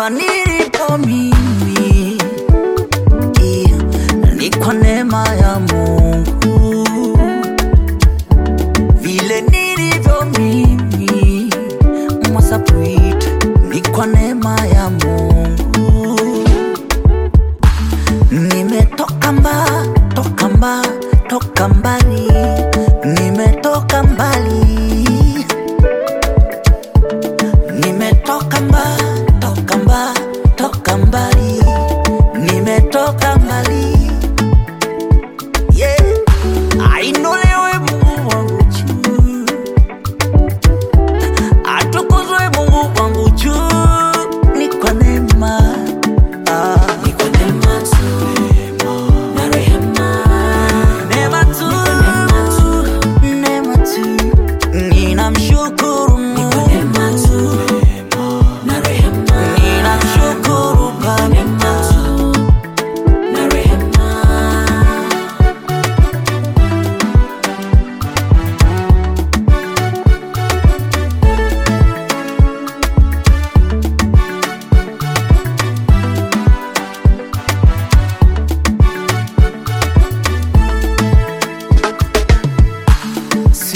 Panini for me.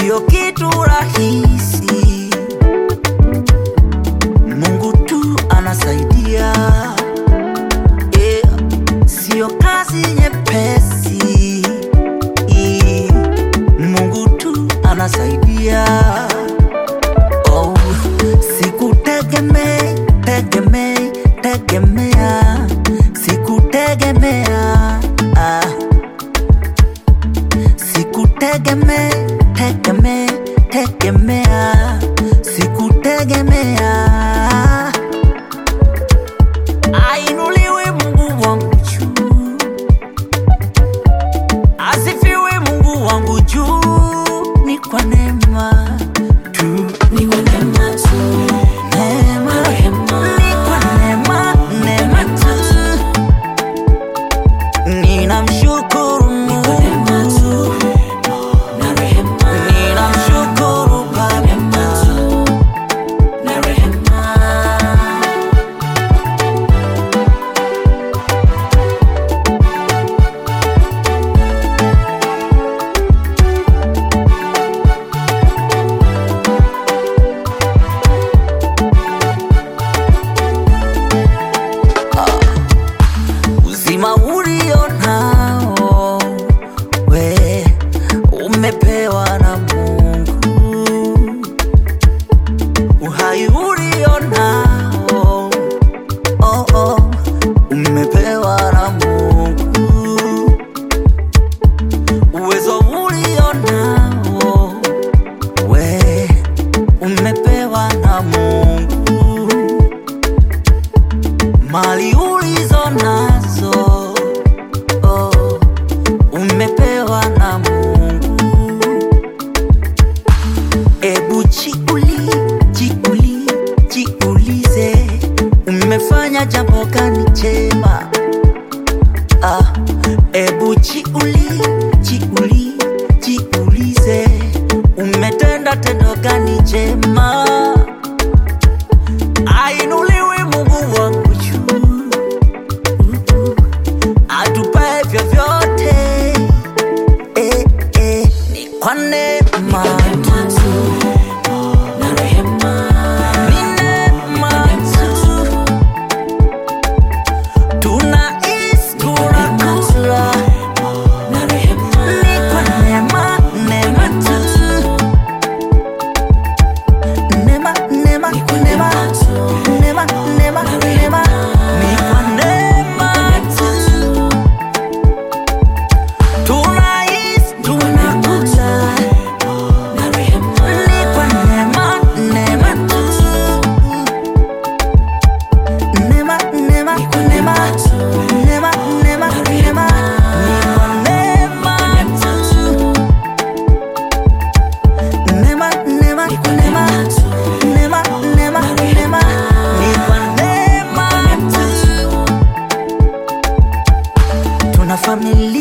sio kitu rahisi. Mungu tu anasaidia, yeah. Sio kazi nyepesi. tumepewa na Mungu, uhai ulio nao oh, oh, umepewa na Mungu, uwezo ulio nao we umepewa na Mungu, mali ulizo nazo cheese. got me